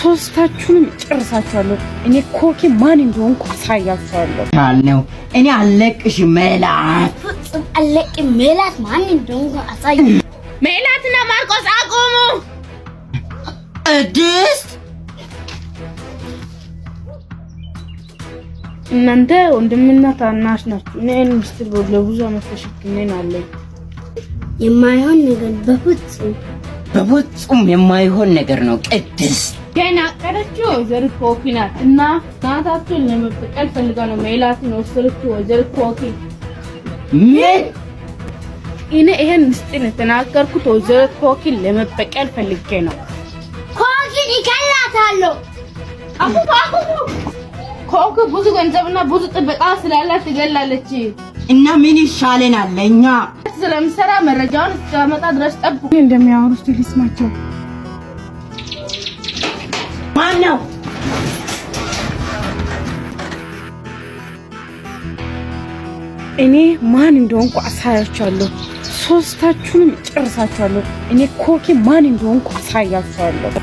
ሶስታችሁንም ጨርሳችኋለሁ። እኔ ኮኬ ማን እንደሆንኩ አሳያችኋለሁ። ነው እኔ አለቅሽ ሜላት፣ ፍጹም አለቅ ሜላት ማን እንደሆንኩ አሳይ። ሜላትና ማርቆስ አቁሙ። ቅድስት እናንተ ወንድምና ታናሽ ናችሁ። እኔን ሚስት ለብዙ አመት ተሸክሜን አለኝ። የማይሆን ነገር በፍጹም በቦጹም የማይሆን ነገር ነው። ቅድስ ገና ያቀደችው ወይዘሮ ኮኪ ናት እና ናታችን ለመበቀል ፈልጋ ነው ሜላት ነው ስልክ ወይዘሮ ኮኪ ምን እኔ ይሄን ምስጢር የተናገርኩት ወይዘሮ ኮኪን ለመበቀል ፈልጌ ነው። ኮኪን ይገላታለሁ። አፉ አፉ ኮኪ ብዙ ገንዘብና ብዙ ጥበቃ ስላላት ትገላለች። እና ምን ይሻለናል ለኛ ስለምሰራ መረጃውን እስከመጣ ድረስ ጠብቁ። እንደሚያወሩ እስቲ ልስማቸው። ማን ነው? እኔ ማን እንደሆንኩ አሳያችኋለሁ። ሶስታችሁንም ጨርሳችኋለሁ። እኔ ኮኪ ማን እንደሆንኩ አሳያችኋለሁ።